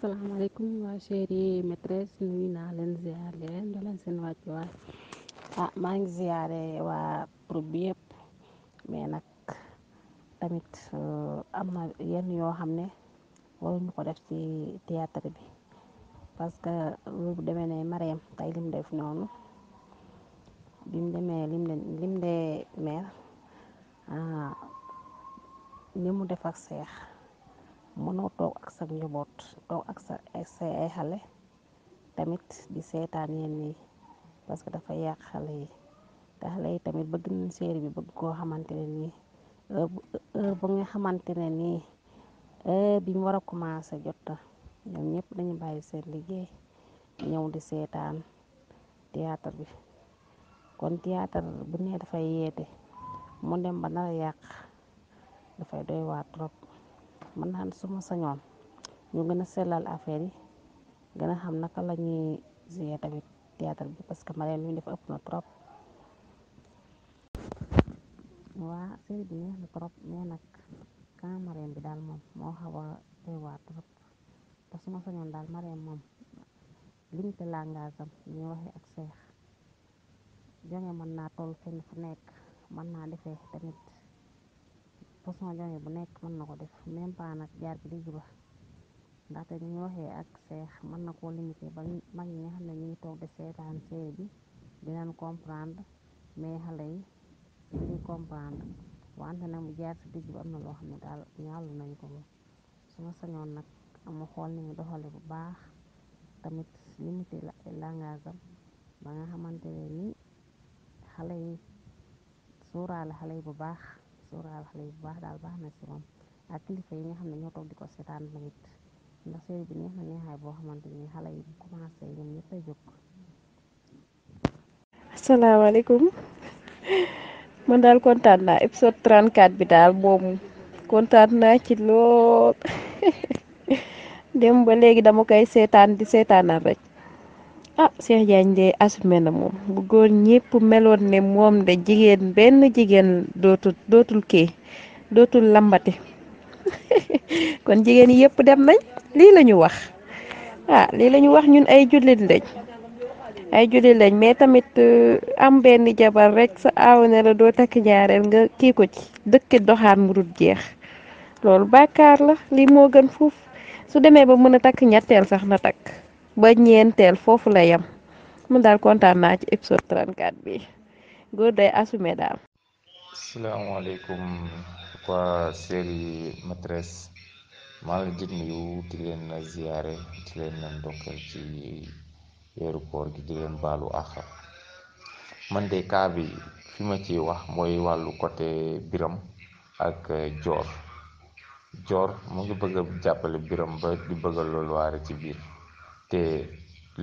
asalaamaaleykum waa chérie maîtresse nuyu naa leen ziar leen doleen seen wàccuwaay ah maa ngi ziare waa groupe bi yëpp mais nag tamit euh, yen yoo xam ne waruñu ko def ci théâtre bi parce que lu demee ne Marème tey lim def noonu lim demee lim lim de mer ah, ni mu def seex mënoo toog ak sa njaboot toog ak sa say ay xale tamit di seetaan yenn yi parce que dafa yàq xale yi te xale yi tamit bëgg nañ série bi bëgg koo xamante ne nii heure ba nga xamante ne nii heure war a commencé jot na ñoom ñëpp dañu bàyyi seen liggéey ñëw di seetaan théâtre bi kon théâtre bu ne dafay yeete mu dem ba a yàq dafay doy waar trop man naan suma sañoon ñu gën a sellal affaire yi gën a xam naka la ñuy jouer tamit théâtre bi parce que Marème li mu def na trop waa série bi neex na trop mais nag quand bi daal moom moo xaw a doy trop te suma sañoon daal Marème moom limité langage am ñu waxee ak jonge mën naa toll fenn fu nekk mën naa defee tamit façon jafe bu nekk mën na ko def même pas nag jaar ci digg ba ndaxte ni ñu waxee ak seex mën na koo limité ba mag ñi xam ne ñu ngi toog di seetaan série bi dinañ comprendre mais xale yi duñu comprendre wante nag mu jaar ci digg ba am na loo xam ne daal ñaawlu nañ ko suma sañoon nag amu xool ni ñu doxale bu baax tamit limité langage am ba nga xamante ne ni xale yi suuraale xale yi bu baax sóoraale xale yi baax daal baax na si moom ak kilifa yi nga xam ne ñoo toog di ko seetaan tamit ndax série bi neex boo xamante ni xale yi bu commencé ñoom ñëpp a jóg. asalaamaaleykum man daal kontaan naa épisode 34 bi daal boobu kontaan naa ci lool dem ba léegi dama koy seetaan di seetaan seetaanal rek. ah Cheikh Diagne de assumé na moom bu góor ñépp meloon ne moom de jigéen benn jigéen dootul dootul kii dootul lambati kon jigéen yépp dem nañ lii la ñu wax ah, lii la wax ñun ay jullit lañ ay jullit lañ mais tamit euh, am benn jabar rekk sa aaw ne la doo takk ñaareel nga kii ko ci dëkk doxaan mu dul jeex loolu bàkkaar la lii moo gën fuuf su demee ba mën a takk ñetteel sax na takk. ba ñeenteel foofu la yem daal kontaan naa ci épisode 34 bi góor day assumé daal. asalaamaaleykum waa série maîtresse maa ngi leen di nuyu di leen ziare di leen ci weeru koor gi di leen baalu àq man de cas bi ma ci wax mooy wàllu côté biram ak joor joor mu ngi bëgg jàppale biram ba di bëgg a ci biir. te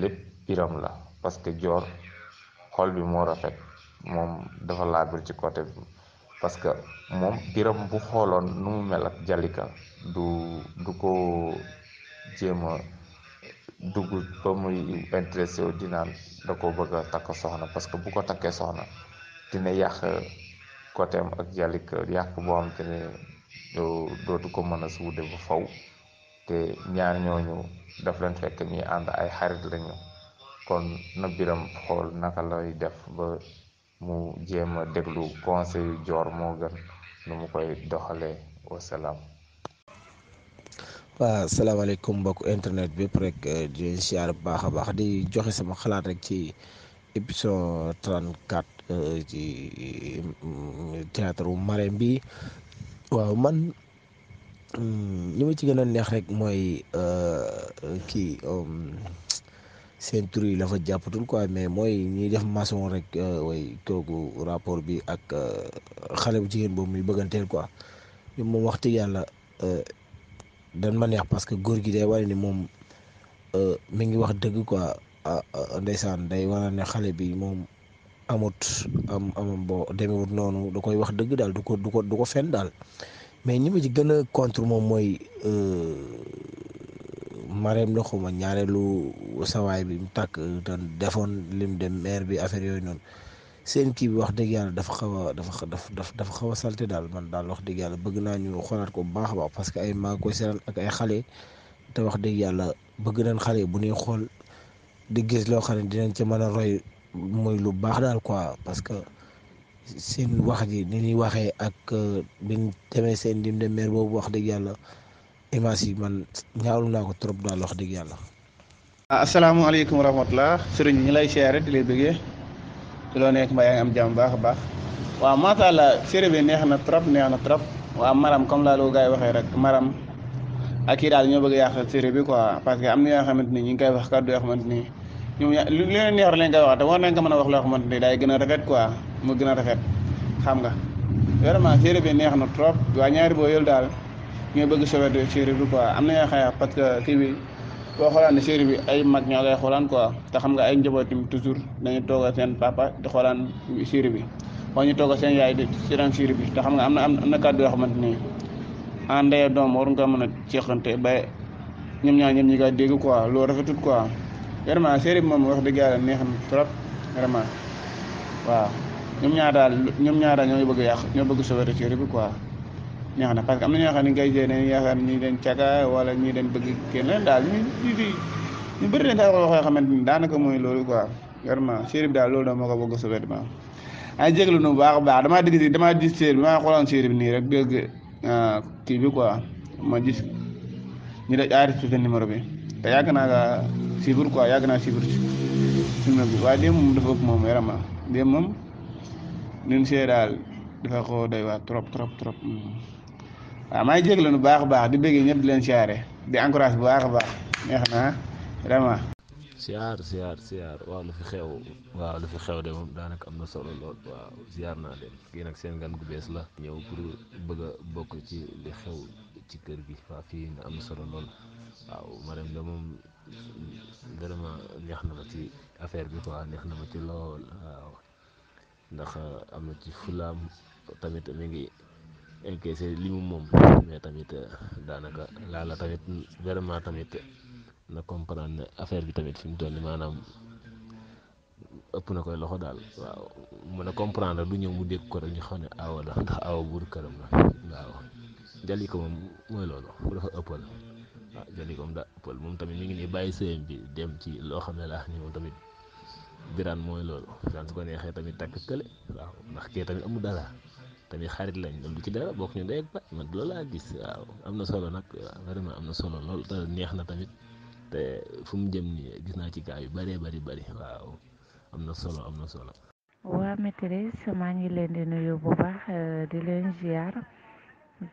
lépp biram la parce que joor xool bi moo rafet moom dafa laabir ci côté bi parce que moom biram bu xooloon nu mu mel ak jalika du du ko jéem dugg ba muy intéressé dinaan da ko bëgg a takk soxna parce que bu ko takkee soxna dina yàq côté ak jalika yàq boo xam te ne dootu ko mën a suude ba faw te ñaar ñooñu daf leen fekk ñuy ànd ay xarit lañu kon na biram xool naka lay def ba mu jéem a déglu conseil yu joor moo gën nu mu koy doxalee wasalaam waaw asalaamaaleykum mbokk internet bépp rek euh, di leen siyaar bu baax a baax di joxe sama xalaat rek ci épisode 34 euh, ci euh, théâtre wu Marème bi waaw man Hmm, li ma ci gën a neex rek mooy euh, kii um, seen tur yi la fa jàppatul quoi mais mooy ñuy def maçon rek euh, way kooku rapport bi ak euh, xale bu jigéen boobu muy bëgganteel quoi ñoom moom wax dëgg yàlla dan ma neex parce que góor gi day wane ni moom mi ngi wax dëgg quoi ndeysaan day wane ne xale bi moom amut am amam boo demewut noonu du koy wax dëgg daal du ko du ko du ko fen daal mais ñi ma ci gën a contre moom mooy euh, Marème la xuma ñaareelu sawaay bi mu tàkk euh, doon defoon lim dem maire bi affaire yooyu noonu seen kii bi wax dëgg yàlla dafa xaw a dafa dafa dafa xaw a salte daal man daal wax dëgg yàlla bëgg naa ñu xoolaat ko bu baax parce que ay maa koy ak ay xale te wax dëgg yàlla bëgg nañ xale bu nuy xool di gis loo xam ne dinañ ci mën a roy muy lu baax daal quoi parce seen wax ji ni ñuy waxee ak biñ euh, demee seen dim de maire boobu wax dëgg yàlla image yi man ñaawlu naa ko trop daal wax dëgg yàlla. Ah, asalaamaaleykum wa rahmatulah sëriñ ñi lay siyaare di leen bëggee di loo nekk mbaa yaa ngi baax a baax waaw bi neex na trop neex na trop waaw maram comme laa loo gars yi waxee rek maram ak daal ñoo bëgg a yàq série bi quoi parce que am na yoo xamante ni ñu ngi koy wax kàddu yoo xamante ni ñoom li leen neex rek lañ koy wax te war nañ mën a wax loo xamante ni day gën a rafet quoi. mu gën a rafet xam nga vraiment série bi neex na trop waa ñaari boo yël daal ñoo bëgg sauvé série bi quoi am na ñoo xaya parce que kii bi boo xoolaan ne série bi ay mag ñoo koy xoolaan quoi te xam nga ay njabootim toujours dañu toog a seen papa di xoolaan série bi wala ñu toog seen yaay di seetaan série bi te xam nga am na am na yoo xamante ni en ah, ndey doom waruñu ko mën a ceexante ba ñoom ñaar ñoom ñi koy dégg quoi loolu rafetut quoi vraiment série bi moom wax dëgg yàlla neex na trop vraiment waaw. ñoom ñaar daal ñoom ñaar daal ñoo bëgg yàq ñoo bëgg sauver ci bi quoi neex na parce que am na ñoo xam ne ngay jëlee dañuy yaakaar ñii dañ caga wala ñii dañ bëgg kenn daal ñu ñu ñu bëri dañ daal wax yoo xamante ni daanaka mooy loolu quoi vraiment série bi daal loolu da moo ko bëgg sauver ma ay jéglu nu baax baax damaa digg si damaa gis série bi maa xooloon série bi nii rek dégg euh, kii bi quoi ma gis ñu daj aari suuf numéro bi te yàgg naa kaa suivre quoi yàgg naa suivre film bi waaye démb moom dafa ëpp moom vraiment démb moom liñ see daal dafa xoo doy waa trop trop trop waaw maa ngi jéglu nu baax a baax di bëggee ñëpp di leen siyaare di encourage bu baax a baax neex na vraiment. siyaar siyaar siyaar waaw lu fi xew waaw lu fi xew de moom daanaka am na solo lool waaw siyaar naa leen kii nag seen gan gu bees la ñëw pour bëgg a bokk ci li xew ci kër gi waaw fii na am na solo lool waaw Marème de moom vraiment neex na ma ci affaire bi quoi neex na ma ci lool waaw ndax am na ci fulaam tamit mi ngi encaissé li mu moom mais tamit euh, daanaka laala tamit vraiment tamit na comprendre ne affaire bi tamit fi mu toll ni maanaam ëpp na koy loxo daal waaw mën a comprendre du ñëw mu dégg ko rek ñu xam ne awa ndax awa buur këram la waaw jali ko moom mooy loolu dafa ëppal waaw ah, jali ko moom daa ëppal moom tamit mi ngi nii bàyyi sëyam bi dem ci loo xam ne laa ni moom tamit biraan mooy loolu biraan su ko neexee tamit takk kële waaw ndax kee tamit amul dara tamit xarit lañ loolu du ci dara bokk ñu ndey ak baay man loolu laa gis waaw am na solo nag vraiment na solo lool neex na tamit fu mu jëm nii gis naa ci gaa yu bëree bëri bëri waaw na solo am waa maîtresse maa ngi leen di nuyu bu baax euh, di leen ziar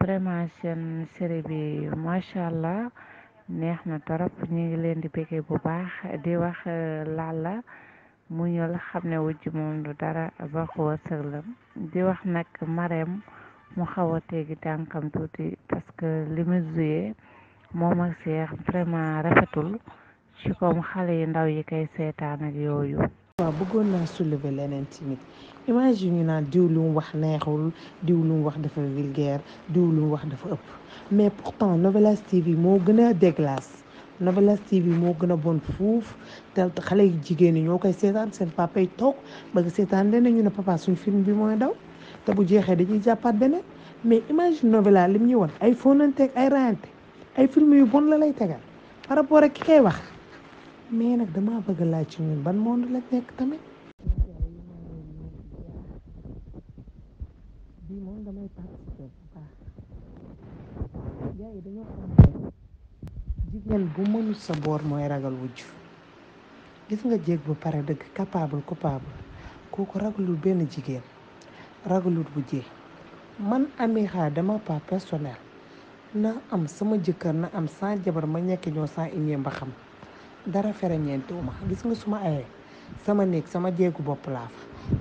vraiment seen série bi macha allah neex na torop ñu ngi leen di békkee bu baax di wax laal euh, la mu muñal xam ne wujj moom du dara baqu wërsëg la di wax nag mareem mu xaw a teegi tànkam tuuti parce que li mu joué moom ak seex vraiment rafetul ci comme xale yi ndaw yi koy seetaan ak yooyu waaw bëggoon naa soulever leneen tamit image yi ñu naan diw lu wax neexul diw lu wax dafa vulgaire diw lu wax dafa ëpp mais pourtant Novelas TV moo gën a déglace Novelas TV moo gën a bon fuuf te xale yi jigéen ñi ñoo koy seetaan seen papa yi toog bëgg seetaan leneen ñu ne papa suñ film bi mooy daw te bu jeexee dañuy jàppaat beneen mais imagine novela lim ñu woon ay foonante ay rayante ay film yu bon la lay tegal par rapport ak ki koy wax mais nag damaa bëgg laaj ci ñun ban monde la nekk tamit. bii moom damay participer bu baax jigéen bu mënul sa boor mooy ragal wujj gis nga jéeg bu pare dëgg capable coupable kooku ragalul benn jigéen bu wujjee man Amy Khare dama pas personnel na am sama jëkkër na am saa jabar ma nekk ñoo sans union ba xam dara fere ñeentiwuma gis nga ma ayee sama néeg sama jéegu bopp laa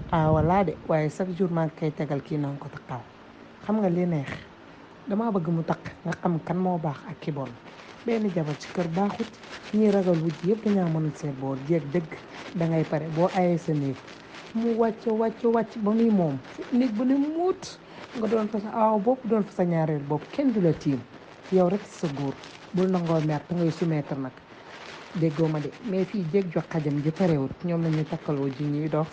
fa awalaa ah, de waaye chaque jour maa ngi koy tegal kii na ko taxaw xam nga li dama bëgg mu takk nga xam kan moo baax ak ki bon benn jabar ci kër baaxut ñi ragal wujj yëpp dañaa mën seen boor jeeg dëgg dangay pare boo ayee sa néeg mu wàcc wàcc wàcc ba muy moom néeg bu ne muut nga doon fa sa aaw bopp doon fa sa ñaareel bopp kenn du la tiim yow rek sa góor bu nangoo mer te ngay soumettre nag déggoo ma de mais fii jéeg jox xajam ji parewut ñoom la ñu takkal wujj ñuy dox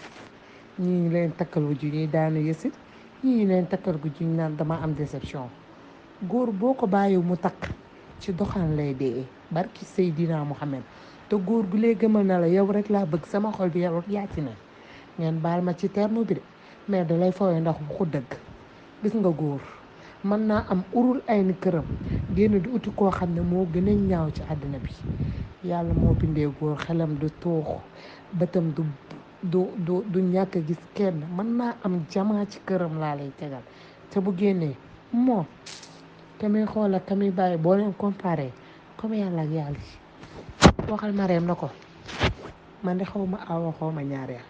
ñu ñu leen takkal wujj ñuy daanu yësit ñu ñu leen takkal wujj ñu naan dama am déception góor boo ko bàyyi mu takk ci doxaan lay dee barki Seydina Muhammad te góor gu lay gëmal na la yow rek laa bëgg sama xol bi yow yàcci na ngeen baal ma ci terme bi de mais da lay fooye ndax waxu dëgg gis nga góor mën naa am urul ay ni këram génn du uti koo xam ne moo gën a ñaaw ci àddina bi yàlla moo bindee góor xelam du toox bëtam du du du du gis kenn mën naa am jamaa ci këram laa lay tegal te bu génnee moom tamit xool ak tamit bàyyi boo leen comparé comme yàlla ak yàlla waxal mareem na ko man de xaw ma awa xaw ma ñaareel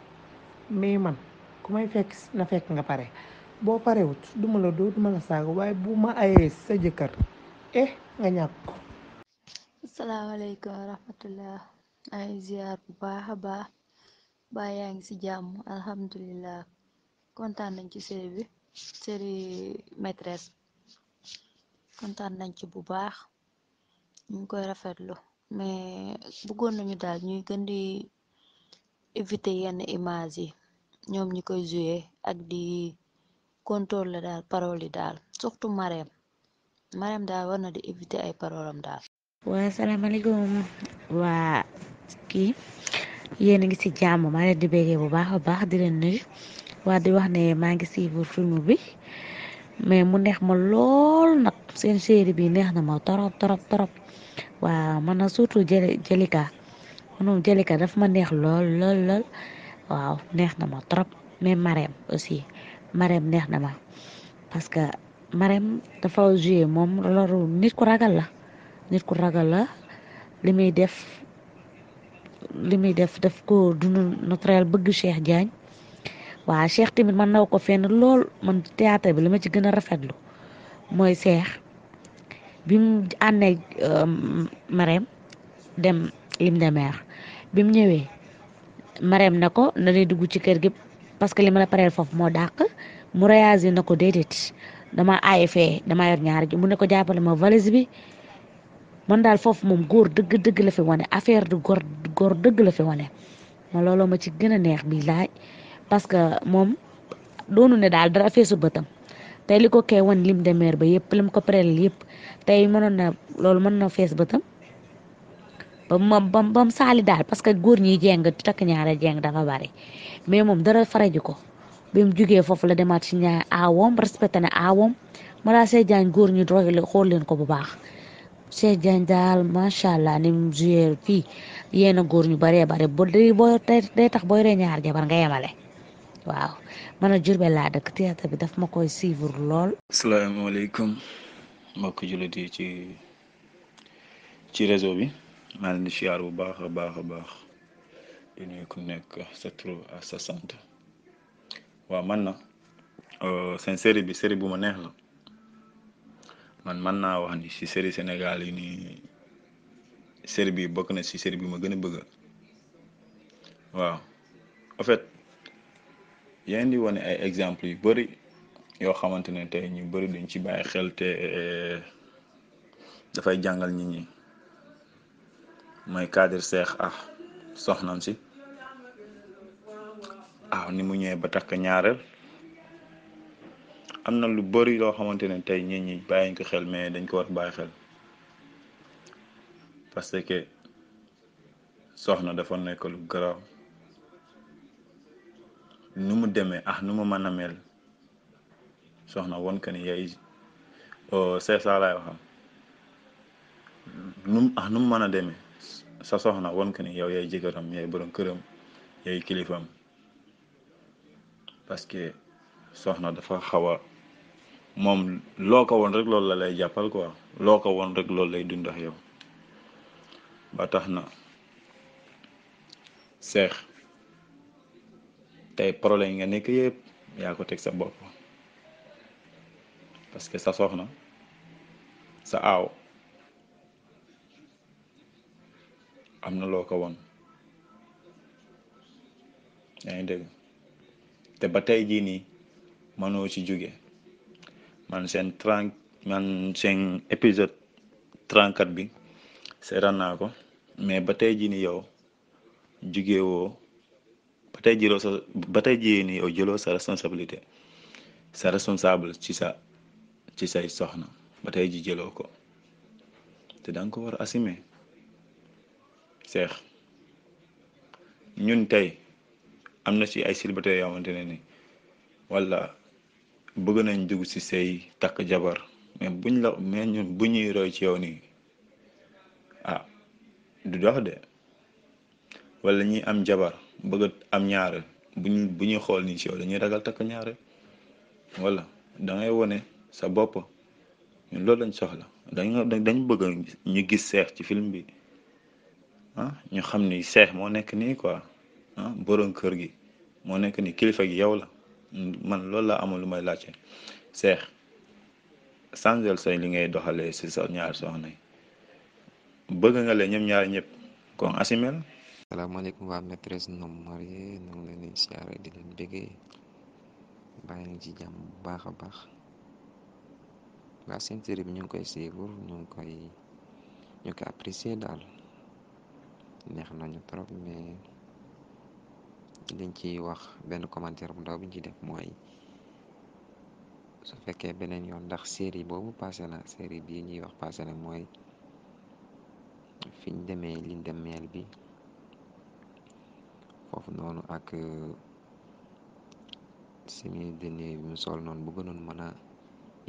mais man ku may fekk na fekk nga pare boo parewut duma la doo duma la saaga waaye bu ma ayee sa jëkkër eh nga ñàkk ko asalaamaaleykum wa rahmatullah ay ziar bu baax a baax baa yaa ngi ci jàmm alhamdulilah kontaan nañ ci série bi série maîtresse kontaan nañ ci bu baax ñu ngi koy rafetlu mais bëggoon nañu daal ñuy gën di éviter yenn image yi ñoom ñi koy joué ak di contrôle daal parole daal surtout Marème Marème daal war na di éviter ay parole daal. waa salaamaaleykum waa kii yéen a ngi ci jàmm maa di béggee bu baax a baax di leen nuyu waa di wax ne maa ngi suivre film bi mais mu neex ma lool nag seen série bi neex na moo torop torop torop waaw man na surtout Jalika man moom Jalika daf ma neex lool lool lool waaw neex na ma trop mais Marème aussi Marème neex na ma parce que Marème dafa joué moom loolu nit ku ragal la nit ku ragal la li muy def li muy def daf ko dunu naturel bëgg Cheikh Diagne waaw Cheikh tamit man naw ko fenn lool man théâtre bi li ma ci gën a rafetlu mooy Cheikh bi mu àndee euh, Marème dem lim demeer bi mu ñëwee Marème na ko na lay dugg ci kër gi parce que li ma la pareel foofu moo dàq mu réagir na ko dédét dama aaye fee dama yor ñaar ji mu ne ko jàppale ma valise bi man daal foofu moom góor dëgg dëgg la fi wane affaire du góor góor dëgg fi wane ma looloo ma ci gën a neex bi laaj parce que moom doonu ne daal dara feesu bëtam tey li ko kay wan lim de meer ba yëpp lim ko préel yëpp tey mënoon na loolu mën na fees bëtam ba mu ba ba mu saali daal parce que góor ñi jeng takk ñaare jeng dafa bari mais moom dara faraju ko bi mu jugee foofu la demaat ci ñaar aawam respecté na aawam mara Cheikh Diagne góor ñi doy la xool leen ko bu baax Cheikh Diagne daal macha allah ni mu joué fii yéen a góor ñu baree bare ba day booy day tax booy ree ñaar jabar nga yemale waaw. man a Jurbel laa dëkk théâtre bi daf ma koy suivre lool. asalaamaaleykum mbokk jullit yi ci ci réseau bi maa leen di siyaar bu baax a baax baax di ku nekk sa tur ak sa sant waaw man na euh, seen série bi série bu ma neex la man man naa wax ni si série senegal yi nii série bi bokk na si série bi ma gën a bëgg waaw en yéen di wane ay exemple yu bëri yoo xamante ne tey ñu bëri duñ ci bàyyi xel te eh, dafay jàngal nit ñi mooy cadre seex ah soxna si ah ni mu ñëwee ba takk ñaareel am na lu bëri yoo xamante ne tey nit ñi bàyyiñ ko xel mais dañ ko war bàyyi xel parce que soxna dafa nekk lu garaaw nu mu demee ah nu mu mën a mel soxna won que ni yaay oh, c'est ça laay nu ah nu mu mën a demee sa soxna won que ni yow yaay jëkkëram yaay borom këram yaay kilifam parce que soxna dafa xaw a moom loo ko woon rek loolu la lay jàppal quoi loo ko woon rek loolu lay dundax yow ba tax na seex tey problème nga nekk yëpp yaa ko teg sa bopp parce que sa soxna sa aaw am na loo ko woon yaa ngi dégg te ba tey jii nii mënoo ci jóge man seen trente man seen épisode trente bi seetaan naa ko mais ba tey jii nii yow jógewoo ba tey jëloo sa ba tey jiyee nii yow jëloo sa responsabilité sa responsable ci sa ci say soxna ba tey ji jëloo ko te danga ko war a assumer seex ñun tey am na ci ay célibataire yoo xamante ne ni wala bëgg nañ dugg ci say takk jabar mais buñ la mais ñun bu ñuy ci yow nii ah du dox de wala ñi am jabar bëgg am ñaareel bu ñu ñuy xool nii ci yow dañuy ragal takk ñaareel wala dangay wone sa bopp ñun loolu lañ soxla dañ dañ ñu gis seex ci film bi ah, ñu xam ni seex moo nekk nii quoi ah borom kër gi moo nekk ni kilifa gi yow la man loolu la amul lu may laajte seex sangel say li ngay doxalee si sa ñaar soxna yi bëgg nga leen ñoom ñaar ñëpp kon asimel salaamaaleykum waa maîtresse non mariée ñu ngi leen di siyaare di leen béggee bàyyi ngi ci jàmm bu baax a baax waa seen série bi ñu ngi koy suivre ñu ngi koy ñu koy daal neex nañu trop mais liñ ci wax benn commentaire bu ndaw bi ci def mooy su fekkee beneen yoon ndax série boobu passé na série bii ñuy wax passé na mooy fiñ demee liñ dem meel bi foofu noonu ak euh, simi dene bi mu sol noonu bu gënoon mën a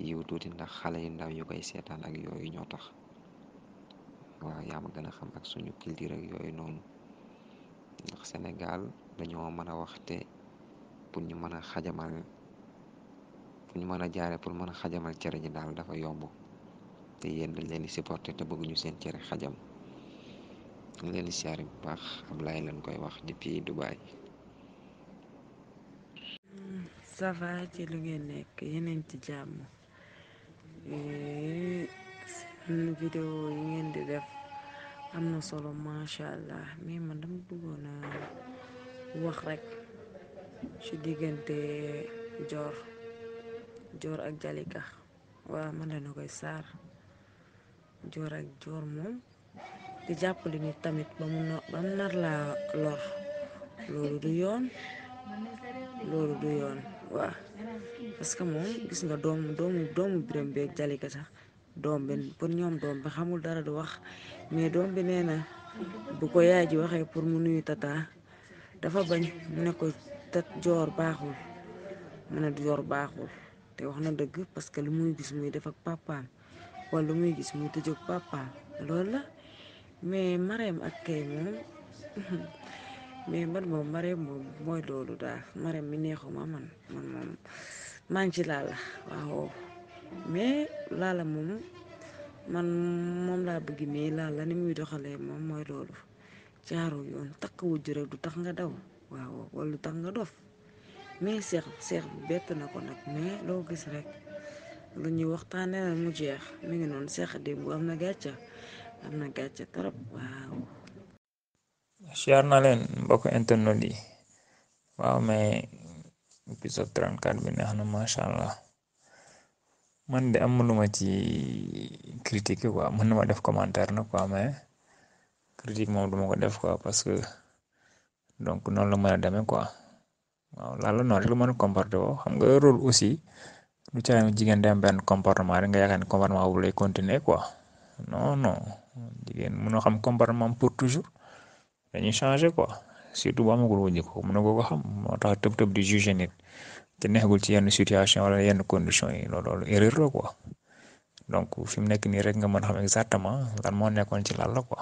yiw tuuti ndax xale yu ndaw yu koy seetaan ak yooyu ñoo tax waaw yaa ma gën a xam ak suñu culture ak yooyu noonu ndax Sénégal dañoo mën a waxte pour ñu mën a xajamal pour ñu mën a jaare pour mën a xajamal cere ji daal dafa yomb te yéen dañ leen di supporter te bëgguñu seen cere xajam ñu ngi bu baax Ablaye lañ koy wax depuis Dubaay. ça ci lu ngeen nekk yeneen ci jàmm eh, seen vidéo yi ngeen di def am na solo macha allah mais man dama bëggoon wax rek ci diggante joor joor ak Jalika waaw man la na koy saar Dior ak Dior moom jàpp jàppale nit tamit ba mu ba nar laa lor loolu du yoon loolu du yoon waaw parce que moom gis nga doom doomu doomu biram beeg jalika sax doom bi pour ñoom doom bi xamul dara du wax mais doom bi nee na bu ko yaay ji waxee pour mu nuyu tata dafa bañ mu ne ko tat joor baaxul mu ne joor baaxul te wax na dëgg parce que lu muy gis muy def ak papaam wala lu muy gis muy tëjog papaam loolu la mais Marème ak Kay moom mais man moom Marème moom mooy loolu daal Marème mi neexuma man man moom maa ngi ci laala waaw mais laala moom man moom laa bëgg mais laala ni muy doxalee moom mooy loolu jaaroo yoon takk wujj rek du tax nga daw waaw wala du tax nga dof mais seex seex bi bett na ko nag mais loo gis rek lu ñuy waxtaanee mu jeex mi ngi noonu seex démb am na gàcca am na na leen mbokk internet yi waaw mais épisode 34 bi neex na macha man de am lu ma ci critique quoi mën na ma def commentaire nag quoi mais critique moom du ma ko def quoi parce que donc noonu la mën a demee quoi waaw la noonu rek lu mën a comporté woo xam nga rôle aussi lu caa jigéen dem benn comportement rek nga yaakaar ne comportement bu lay continuer quoi non non. jigéen mënoo xam comportement pour toujours dañuy changer quoi surtout bu amagul wu ko mën ko ko xam moo tax tëb tëb di juger nit te neexagul ci yenn situation wala yenn condition yi loolu loolu erreur la quoi donc fi mu nekk nii rek nga mën xam exactement lan moo nekkoon ci lan la wa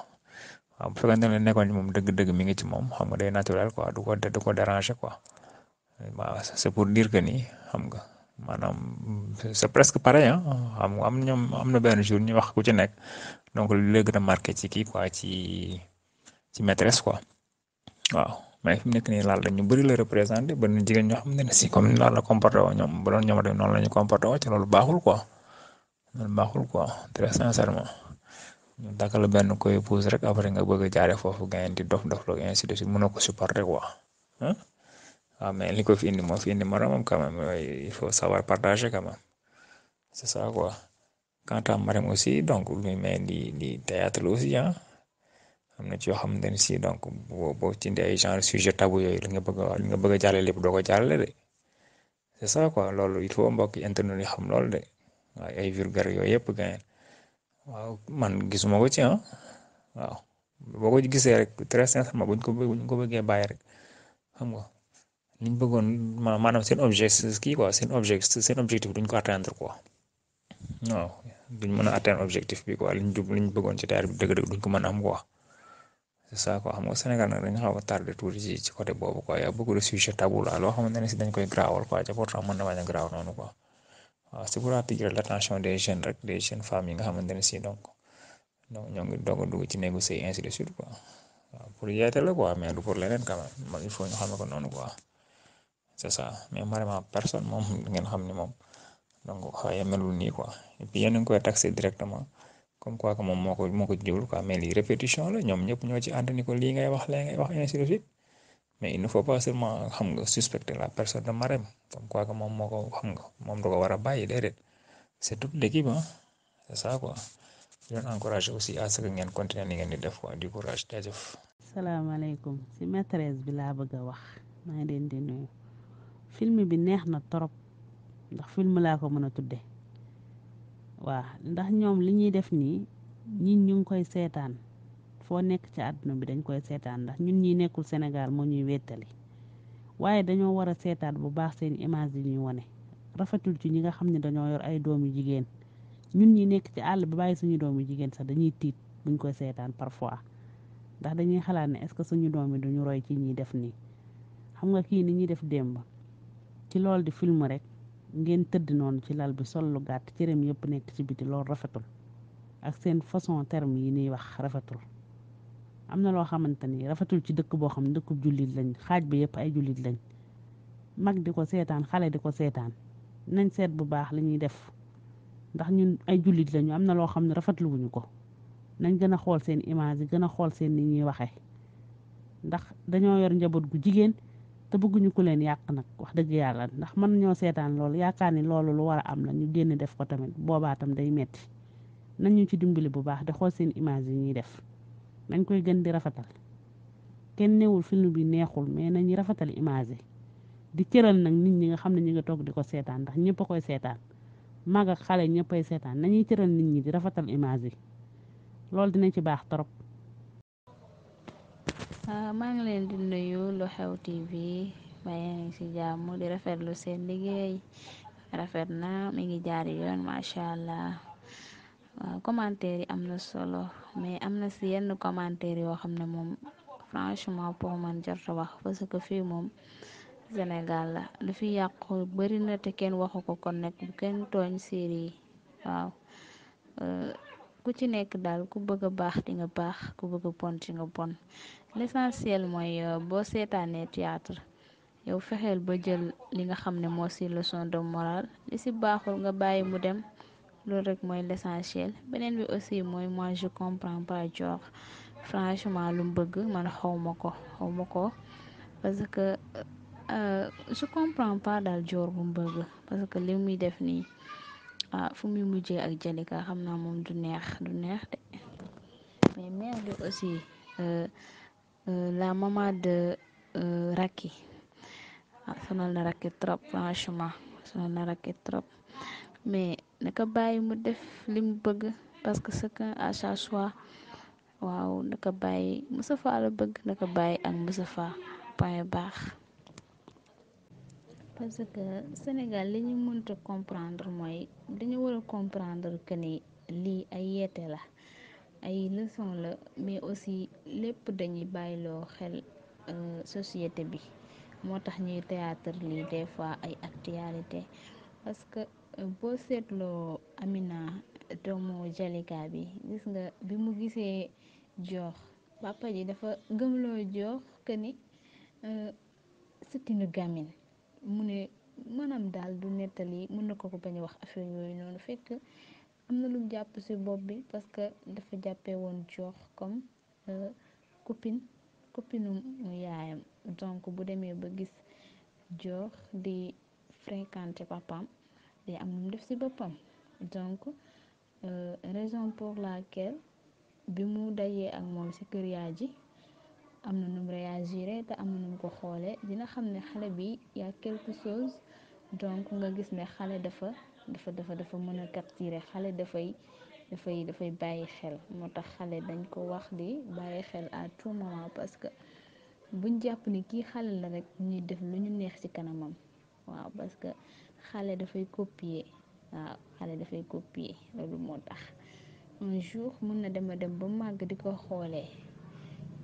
waaw bu fekkente ne nekkoon ci moom dëgg-dëgg mi ngi ci moom xam nga day naturel quoi du ko du ko déranger quoi waaw c'est pour dire que ni xam nga. maanaam c'est presque pareil ah xam nga am ñoom am na benn jour ñu wax ku ci nekk donc li la gën a ci kii quoi ci ci maîtresse quoi waaw mais fi mu nekk nii laal la ñu bëri la représenté ba ñu jigéen ñoo xam ne si comme la comporté woo ñoom ba doon ñoom noonu la ñu comporté woo loolu baaxul ko loolu baaxul quoi très sincèrement ñu dakkal benn koy pousse rek après nga bëgg a jaaree foofu gaynde di dof dof la ainsi de suite mën na ko supporter quoi waaw mais li ko fi indi moo fi indi mara moom même il faut savoir partager quand même c'est ça quoi quant à aussi donc lu muy may di di théâtre aussi am na ci yoo xamante ne si donc boo ci indi ay genre sujet tabou yooyu li nga bëgg a li nga bëgg a jàllale lépp doo ko jàllale de c'est ça quoi loolu il faut mbokk internet yi xam loolu de waaye ay vulgaire yooyu yëpp gañeen waaw man gisuma ko ci ah waaw boo ko gisee rek très sincèrement buñ ko buñ ko bëggee bàyyi rek xam nga. liñ bëggoon maanaam seen objectif kii quoi seen objectif seen objectif duñ ko atteindre quoi waaw duñ mën a atteindre objectif bi quoi liñ jub liñ bëggoon ci taar bi dëgg duñ ko mën am quoi c'est ça quoi xam nga Sénégal nag dañu xaw a tardé tuuti ci ci côté boobu quoi y a beaucoup de sujets loo xamante ne si dañ koy graawal quoi te pourtant mën na bañ a graaw noonu quoi waaw c'est pour attirer l'attention des jeunes rek des jeunes femmes yi nga xamante ne si donc donc ñoo ngi doog ci négocier ainsi de suite quoi waaw pour yeete leneen quand même il faut ñu xame ko noonu quoi. c'est ça mais vraiment personne moom ngeen xam ne moom donc xaw melul nii et puis yéen a ngi koy directement comme quoi que moom moo ko moo ko jublu quoi répétition la ñoom ñëpp ñoo ci ànd li ko lii ngay wax lee ngay wax ainsi de suite mais il faut pas seulement xam la personne de Marème comme quoi que moom moo ko xam nga moom da ko war a bàyyi déedéet c'est toute l'équipe ah c'est ça quoi di leen aussi à ce que ngeen continuer ni ngeen di def quoi du courage jaajëf. salaamaaleykum si maîtresse a film bi neex na torop ndax film laa ko mën a tudde waa ndax ñoom li ñuy def nii ñii ñu ngi koy seetaan foo nekk ci àdduna bi dañ koy seetaan ndax ñun ñi nekkul Sénégal moo ñuy wettali waaye dañoo war a seetaat bu baax seen image yi ñuy wone rafetul ci ñi nga xam ne dañoo yor ay doomu jigéen ñun ñi nekk ci àll bi bàyyi suñu doomu jigéen sax dañuy tiit buñ koy seetaan parfois ndax dañuy xalaat ne est-ce que suñu doom yi duñu roy ci ñuy def nii xam nga kii ni ñuy def démb ci lool di film rek ngeen tëdd noonu ci lal bi sol lu gàtt cëram yëpp nekk ci biti loolu rafetul ak seen façon terme yi ñuy wax rafetul am na loo xamante ni rafetul ci dëkk boo xam ne dëkkub jullit lañ xaaj bi yëpp ay jullit lañ mag di ko seetaan xale di ko seetaan nañ seet bu baax lañuy def ndax ñun ay jullit lañu am na loo xam ne rafetluwuñu ko nañ gën a xool seen image yi gën a xool seen ni ñuy waxee ndax dañoo yor njaboot gu jigéen te bëgguñu ku leen yàq nag wax dëgg yàlla ndax mën ñoo seetaan loolu yaakaar ni loolu lu war a am la ñu génn def ko tamit boobaa tam day metti nañ ñu ci dimbali bu baax di xool seen image yi ñuy def nañ koy gën di rafetal kenn newul film bi neexul mais nañu rafetal image di cëral nag nit ñi nga xam ne ñu ngi toog di ko seetaan ndax ñëpp koy seetaan mag xale ñëpp ay seetaan nañuy cëral nit ñi di rafetal image yi loolu dina ci baax trop. Ah, maa ngi leen di nuyu lu xew tv bayeen ci jàmm di rafetlu seen liggéey rafet na mi ngi jaar yoon macha allah ah, commentaire yi am na solo mais am na si yenn commentaire yoo xam ne moom franchement poman man wax parce que fii moom Sénégal la lu fi yàqu bari na te kenn waxu ko kon nag kenn tooñ série yi waaw ah, ku ci nekk daal ku bëgg baax ti nga baax ku bëgg a bon nga bon. l'essentiel mooy euh, boo seetaanee théâtre yow fexeel ba jël li nga xam ne moo ci leçon de morale li ci baaxul nga bàyyi mu dem loolu rek mooy l'essentiel beneen bi aussi mooy moi je comprends pas Dior franchement lu mu bëgg man xaw ma ko xaw ko parce que euh, euh, je comprends par daal Dior bu mu bëgg parce que li muy def nii ah fu muy mujjee ak Jalika xam naa moom du neex du neex de mais mère bi aussi. Euh, la maman de euh, Racky ah, sonal na Racky trop franchement sonal na Racky trop mais naka bàyyi mu def li bëgg parce que chacun à chaque fois waaw naka bàyyi Moustapha la bëgg naka bàyyi ak Moustapha point baax parce que Sénégal li ñu mënta comprendre mooy dañu war a comprendre que ni lii ay yeete la ay leçon la mais aussi lépp dañuy bàyyiloo xel euh, société bi moo tax ñuy théâtre lii des fois ay actualité parce que euh, boo seetloo Amina doomu Jalika bi gis nga bi mu gisee jox papa ji dafa gëmloo jox que ni euh, c'est une gamine mu ne maanaam daal du nettali mën na ko ko bañ wax affaire yooyu noonu fekk am na lu jàpp ci bopp bi parce que dafa jàppe woon jox comme euh, copine copineu yaayam donc bu demee ba gis jox di fréquenter papam day am lum def ci boppam donc euh, raison pour laquelle bi mu dajee ak moom ci kër yaay ji am na num réagir te am na num ko xoolee dina xam ne xale bi y a quelque chose donc nga gis ne xale dafa dafa dafa dafa mën a capturer xale dafay dafay dafay bàyyi xel moo tax xale dañ ko wax di bàyyi xel à tout moment parce que buñ jàpp ni kii xale la rek ñuy def lu ñu neex ci kanamam waaw parce que xale dafay copier waaw xale dafay copier loolu moo tax un jour mën na dema dem ba màgg di ko xoolee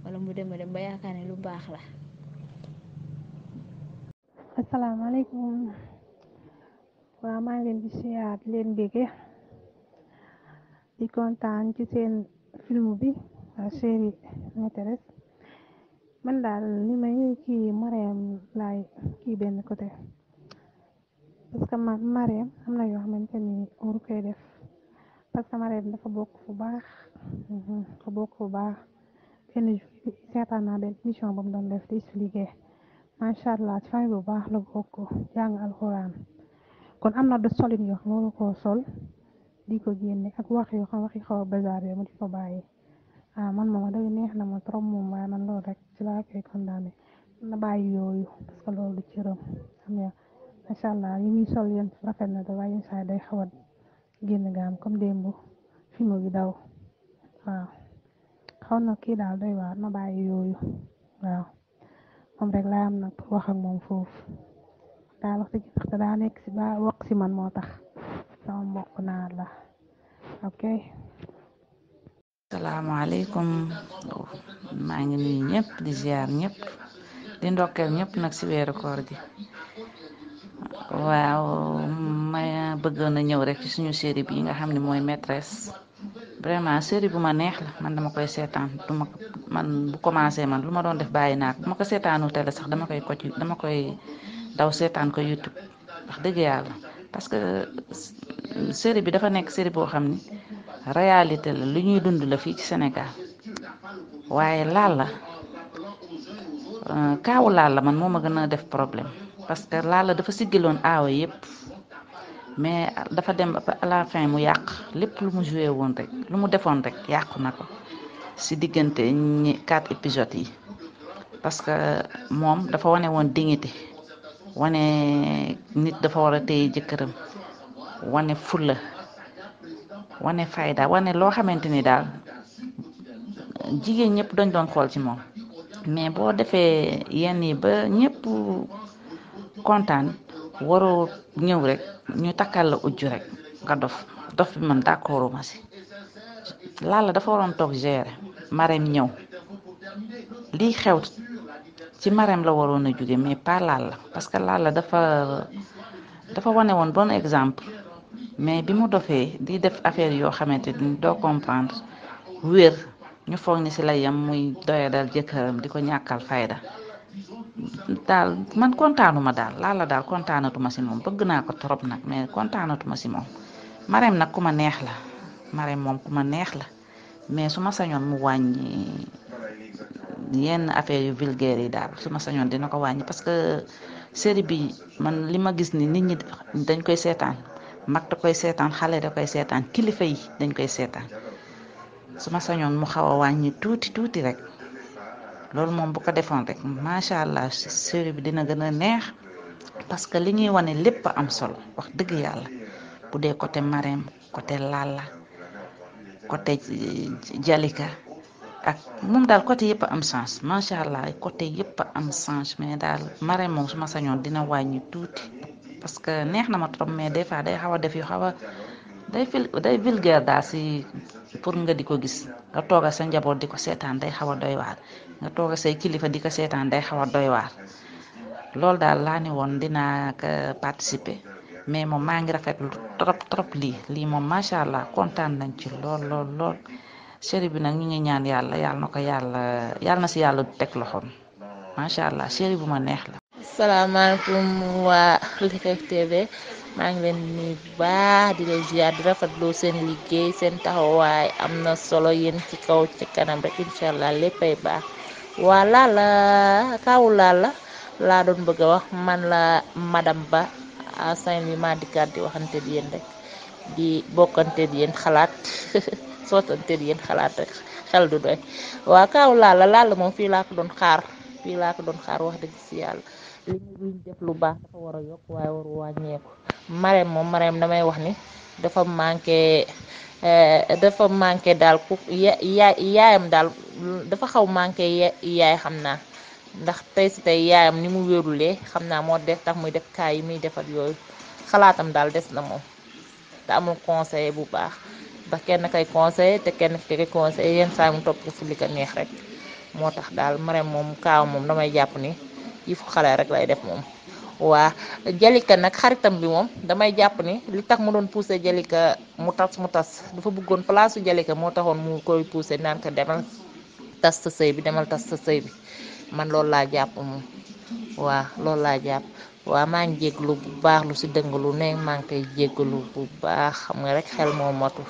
wala mu dema dem ba yaakaar ne lu baax la asalaamaaleykum waaw maa ngi leen di siyaar leen bége di kontaan ci seen film bi série maîtresse man daal li may kii Marème laay kii benn côté parce que man Marème am na yoo xamante ni waru koy def parce que Marème dafa bokk fu baax mhm, dafa bokk fu baax benn seetaan naa benn émission ba mu doon def di expliquer macha allah ci famille bu baax la bokk jàng alxuraan kon am na de solin yoo xam koo sol di ko génne ak wax yoo xam waxi xaw a bazaar yoo mu di ko bàyyi ah man ma day neex na ma trop moom waaye man loolu rek ci laa koy condamné na bàyyi yooyu parce que loolu xam nga allah yi muy sol yéen rafet na te waaye yenn saa day xaw a génn gaam comme démb fi mu gi daw waaw na kii daal doy waa na bàyyi yooyu waaw moom rek laa am nag wax ak moom foofu. daal wax dëgg sax daa nekk si ba wax si man moo tax sama mbokk naar la ok salaamaaleykum maa ngi nuyu ñëpp di ziar ñëpp di ndokkeel ñëpp nag si weeru koor gi waaw ma bëggoon na ñëw rek ci suñu série bi nga xam ne mooy maîtresse vraiment série bu ma neex la man dama koy seetaan du ma man bu commencé man lu ma doon def bàyyi naa ko bu ma ko seetaanu télé sax dama koy ko dama koy daw seetaan ko YouTube wax dëgg yàlla parce que euh, série bi dafa nekk série boo xam ne réalité la lu ñuy dund la fii ci Sénégal waaye laal la euh, kaawu laal la man moo ma gën a def problème parce que laal la dafa siggiloon aawa yépp mais dafa dem à la fin mu yàq lépp lu mu joué woon rek lu mu defoon rek yàqu na ko ci diggante ñi quatre épisodes yi parce que moom dafa wane woon dignité wane nit dafa war a téye jëkkëram wane fulla wane fayda wane loo xamante ni daal jigéen ñëpp dañ doon xool ci moom mais boo defee yenn yi ba ñëpp kontaan waroo ñëw rek ñu takkal la ujj rek nga dof dof bi man d'accorduma si laala dafa waroon toog gérer marem ñëw lii xew ci marème la waroon a jóge mais pas la parce que Lalla dafa dafa wane woon bon exemple mais bi mu dofee di def affaire yoo xamante ni doo comprendre wér ñu foog ni si la yam muy doyadal jëkkëram di ko ñàkkal fayda daal man kontaanuma daal la daal kontaanatuma si moom bëgg naa ko trop nag mais kontaanatuma si moom marème nag ku ma neex la marème moom ku ma neex la mais su ma sañoon mu wàññi yenn affaire yu vulgaire yi daal su ma sañoon dina ko wàññi parce que série bi man li ma gis ni nit ñi dañ koy seetaan mag da koy seetaan xale da koy seetaan kilifa yi dañ koy seetaan su ma sañoon mu xaw a wàññi tuuti tuuti rek loolu moom bu ko defoon rek macha allah série bi dina gën a neex parce que li ñuy wane lépp am solo wax dëgg yàlla bu dee côté Marème côté Lalla côté Jalika. ak moom daal côté yëpp am change macha allah côté yëpp am change mais daal Marème moom su ma sañoon dina wàññi tuuti parce que neex na ma trop mais des fois day xaw a def yu xaw a day fil day vulgaire daal si pour nga di ko gis nga toog sa njaboot di ko seetaan day xaw a doy waar nga toog say kilifa di ko seetaan day xaw a doy waar loolu daal laa ni woon dinaa ko participer mais moom maa ngi rafetlu trop trop lii lii moom macha allah kontaan nañ ci lool lool lool. chéri bi nag ñu ngi ñaan yàlla yàlla na ko yàlla yàlla si yàlla teg loxoom macha allah chéri bu ma neex la. salaamaaleykum waa Lu Xew TV maa ngi leen nuyu di leen ziar di rafetlu seen liggéey seen taxawaay am na solo yéen ci kaw ci kanam rek incha allah ay baax waa laala kawu laala laa doon bëgg a wax man la madam Ba à saint ma dikkaat di waxante di yéen rek di bokkante di xalaat. sootanteel yéen xalaat rek xel du doy waaw kaw laala laala moom fii laa ko doon xaar fii laa doon xaar wax dëgg si yàlla li ñu def lu baax dafa war a yokk waaye waru wàññeeku mareem moom mareem damay wax ni dafa manqué eh, dafa manqué daal ku yaayam daal dafa xaw manqué yaay xam naa ndax tey si tey yaayam ni mu wéerulee xam naa moo def tax muy def kaay yi muy defar yooyu xalaatam daal des na moom te amul conseil bu baax ba kenn kay conseil te kenn kay conseil yenn saa mu topp si li ko neex rek moo tax daal Marème moom kaaw moom damay jàpp ni yi fu xale rek lay def moom waa Jalika nag xaritam bi moom damay jàpp ni li tax ma doon poussé Jalika mu tas mu tas dafa bëggoon place Jalika moo taxoon mu koy poussé naan ko demal tas sa sëy bi demal tas sa sëy bi man loolu laa jàpp moom waa loolu laa jàpp waaw maa ngi bu baax lu ci dëng lu ne maa ngi koy jéglu bu baax xam nga rek xel moo motu